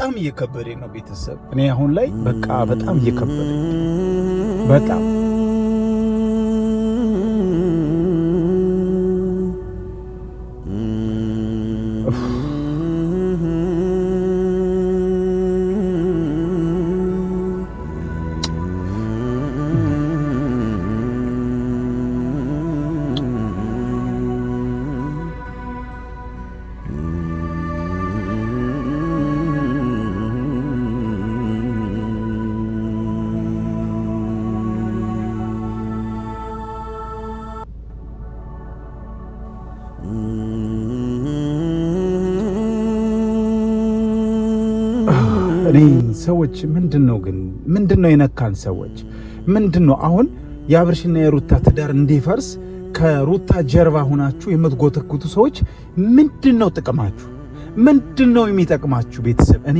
በጣም እየከበደ ነው ቤተሰብ። እኔ አሁን ላይ በቃ በጣም እየከበደ በጣም እፍ እኔ ሰዎች ምንድን ነው ግን ምንድን ነው የነካን? ሰዎች ምንድን ነው አሁን የአብርሽና የሩታ ትዳር እንዲፈርስ ከሩታ ጀርባ ሆናችሁ የምትጎተኩቱ ሰዎች ምንድን ነው ጥቅማችሁ? ምንድን ነው የሚጠቅማችሁ? ቤተሰብ እኔ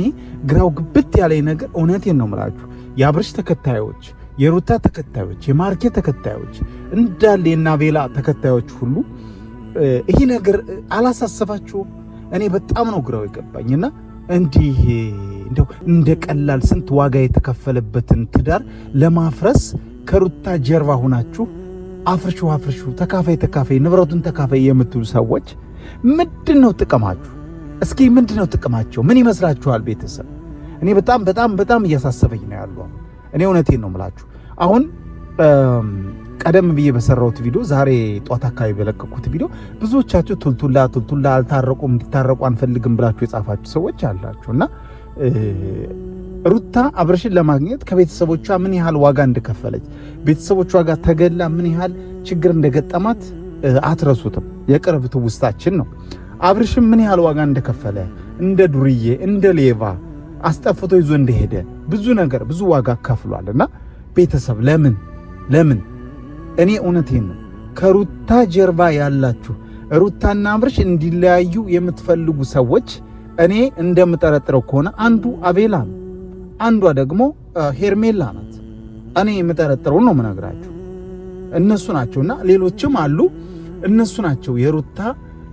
ግራው ግብት ያለኝ ነገር እውነቴን ነው ምላችሁ የአብርሽ ተከታዮች፣ የሩታ ተከታዮች፣ የማርኬ ተከታዮች እንዳለ የና ቤላ ተከታዮች ሁሉ ይህ ነገር አላሳሰባችሁም? እኔ በጣም ነው ግራው የገባኝና እንዲህ እንደው እንደ ቀላል ስንት ዋጋ የተከፈለበትን ትዳር ለማፍረስ ከሩታ ጀርባ ሆናችሁ አፍርሹ አፍርሹ፣ ተካፋይ ተካፋይ፣ ንብረቱን ተካፋይ የምትሉ ሰዎች ምንድን ነው ጥቅማችሁ? እስኪ ምንድን ነው ጥቅማቸው? ምን ይመስላችኋል? ቤተሰብ እኔ በጣም በጣም በጣም እያሳሰበኝ ነው ያለው። እኔ እውነቴን ነው የምላችሁ። አሁን ቀደም ብዬ በሰራሁት ቪዲዮ ዛሬ ጧት አካባቢ በለቀኩት ቪዲዮ ብዙዎቻችሁ ቱልቱላ ቱልቱላ አልታረቁም እንዲታረቁ አንፈልግም ብላችሁ የጻፋችሁ ሰዎች አላችሁ እና ሩታ አብርሽን ለማግኘት ከቤተሰቦቿ ምን ያህል ዋጋ እንደከፈለች ቤተሰቦቿ ጋር ተገላ ምን ያህል ችግር እንደገጠማት አትረሱትም። የቅርብ ትውስታችን ነው። አብርሽን ምን ያህል ዋጋ እንደከፈለ እንደ ዱርዬ እንደ ሌባ አስጠፍቶ ይዞ እንደሄደ ብዙ ነገር ብዙ ዋጋ ከፍሏል። እና ቤተሰብ ለምን ለምን እኔ እውነቴን ነው ከሩታ ጀርባ ያላችሁ ሩታና አብርሽ እንዲለያዩ የምትፈልጉ ሰዎች እኔ እንደምጠረጥረው ከሆነ አንዱ አቤላ ነው፣ አንዷ ደግሞ ሄርሜላ ናት። እኔ የምጠረጥረውን ነው የምነግራችሁ። እነሱ ናቸውና ሌሎችም አሉ። እነሱ ናቸው የሩታ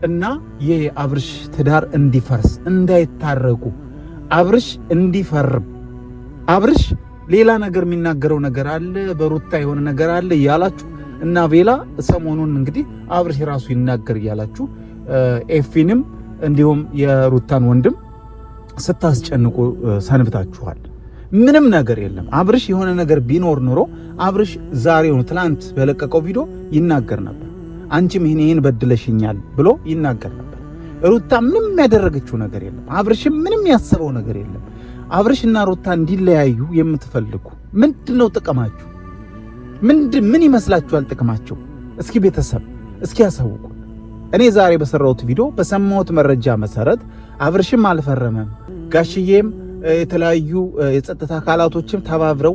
እና የአብርሽ ትዳር እንዲፈርስ እንዳይታረቁ አብርሽ እንዲፈርም አብርሽ ሌላ ነገር የሚናገረው ነገር አለ፣ በሩታ የሆነ ነገር አለ እያላችሁ እና ቤላ ሰሞኑን እንግዲህ አብርሽ ራሱ ይናገር እያላችሁ ኤፊንም እንዲሁም የሩታን ወንድም ስታስጨንቁ ሰንብታችኋል። ምንም ነገር የለም። አብርሽ የሆነ ነገር ቢኖር ኑሮ አብርሽ ዛሬውን ትላንት በለቀቀው ቪዲዮ ይናገር ነበር። አንቺም ይህን ይህን በድለሽኛል ብሎ ይናገር ነበር። ሩታ ምንም ያደረገችው ነገር የለም። አብርሽም ምንም ያሰበው ነገር የለም። አብርሽና ሩታ እንዲለያዩ የምትፈልጉ ምንድን ነው ጥቅማችሁ? ምን ይመስላችኋል ጥቅማቸው? እስኪ ቤተሰብ እስኪ ያሳውቁ። እኔ ዛሬ በሰራሁት ቪዲዮ በሰማሁት መረጃ መሰረት አብርሽም አልፈረመም፣ ጋሽዬም የተለያዩ የጸጥታ አካላቶችም ተባብረው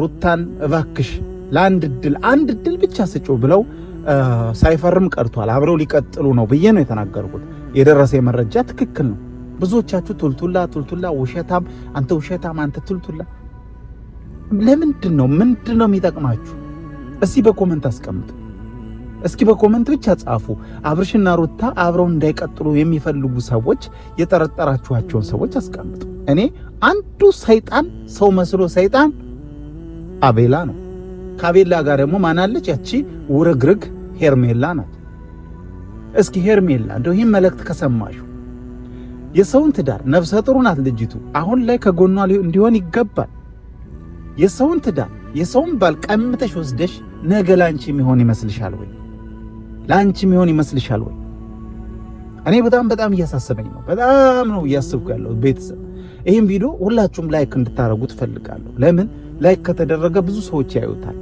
ሩታን እባክሽ ለአንድ እድል አንድ እድል ብቻ ስጪው ብለው ሳይፈርም ቀርቷል። አብረው ሊቀጥሉ ነው ብዬ ነው የተናገርኩት። የደረሰ መረጃ ትክክል ነው። ብዙዎቻችሁ ቱልቱላ ቱልቱላ፣ ውሸታም አንተ፣ ውሸታም አንተ፣ ቱልቱላ ለምንድን ነው ምንድን ነው የሚጠቅማችሁ? እስቲ በኮመንት አስቀምጡ። እስኪ በኮመንት ብቻ ጻፉ። አብርሽና ሩታ አብረው እንዳይቀጥሉ የሚፈልጉ ሰዎች የጠረጠራችኋቸውን ሰዎች አስቀምጡ። እኔ አንዱ ሰይጣን ሰው መስሎ ሰይጣን አቤላ ነው። ከአቤላ ጋር ደግሞ ማናለች? ያቺ ውርግርግ ሄርሜላ ናት። እስኪ ሄርሜላ እንደው ይህን መልእክት ከሰማሹ የሰውን ትዳር ነፍሰ ጥሩ ናት ልጅቱ። አሁን ላይ ከጎኗ እንዲሆን ይገባል። የሰውን ትዳር የሰውን ባል ቀምተሽ ወስደሽ ነገ ላንቺ የሚሆን ይመስልሻል ወይ? ለአንቺ የሚሆን ይመስልሻል ወይ? እኔ በጣም በጣም እያሳሰበኝ ነው። በጣም ነው እያስብኩ ያለው ቤተሰብ። ይህም ቪዲዮ ሁላችሁም ላይክ እንድታደረጉ ትፈልጋለሁ። ለምን ላይክ ከተደረገ ብዙ ሰዎች ያዩታል።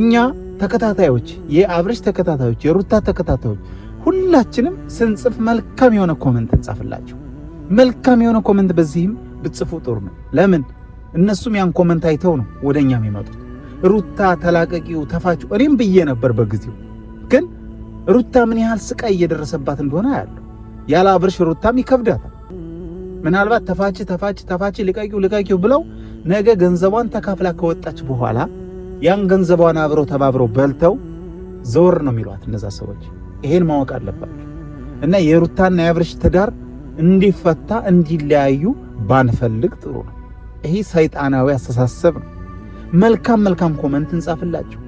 እኛ ተከታታዮች፣ የአብርሽ ተከታታዮች፣ የሩታ ተከታታዮች ሁላችንም ስንጽፍ መልካም የሆነ ኮመንት እንጻፍላቸው። መልካም የሆነ ኮመንት በዚህም ብትጽፉ ጥሩ ነው። ለምን እነሱም ያን ኮመንት አይተው ነው ወደኛም ይመጡት። ሩታ ተላቀቂው፣ ተፋጩ እኔም ብዬ ነበር በጊዜው ግን ሩታ ምን ያህል ስቃይ እየደረሰባት እንደሆነ ያለው ያለ አብርሽ ሩታም ይከብዳታል። ምናልባት ተፋች ተፋች ተፋች ልቃቂው ልቃቂው ብለው ነገ ገንዘቧን ተካፍላ ከወጣች በኋላ ያን ገንዘቧን አብረው ተባብረው በልተው ዘወር ነው የሚሏት እነዛ ሰዎች። ይሄን ማወቅ አለባቸው እና የሩታና የአብርሽ ትዳር እንዲፈታ እንዲለያዩ ባንፈልግ ጥሩ ነው። ይሄ ሰይጣናዊ አስተሳሰብ ነው። መልካም መልካም ኮመንት እንጻፍላቸው።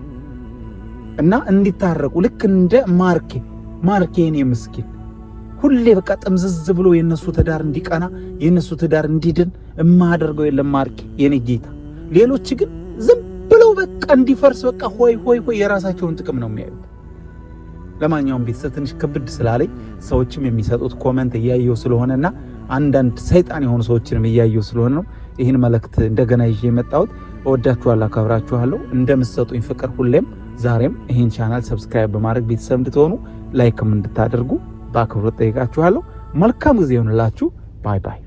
እና እንዲታረቁ ልክ እንደ ማርኬ ማርኬ የኔ ምስኪን ሁሌ በቃ ጥምዝዝ ብሎ የነሱ ትዳር እንዲቀና የነሱ ትዳር እንዲድን እማደርገው የለም ማርኬ የኔ ጌታ። ሌሎች ግን ዝም ብለው በቃ እንዲፈርስ በቃ ሆይ ሆይ ሆይ የራሳቸውን ጥቅም ነው የሚያዩት። ለማንኛውም ቤተሰብ ትንሽ ክብድ ስላለኝ ሰዎችም የሚሰጡት ኮመንት እያየው ስለሆነና አንዳንድ ሰይጣን የሆኑ ሰዎችንም እያየው ስለሆነ ነው ይህን መልእክት እንደገና ይዤ የመጣሁት። እወዳችኋለሁ፣ አከብራችኋለሁ። እንደምትሰጡኝ ፍቅር ሁሌም ዛሬም ይህን ቻናል ሰብስክራይብ በማድረግ ቤተሰብ እንድትሆኑ ላይክም እንድታደርጉ በአክብሮት ጠይቃችኋለሁ። መልካም ጊዜ ይሆንላችሁ። ባይ ባይ።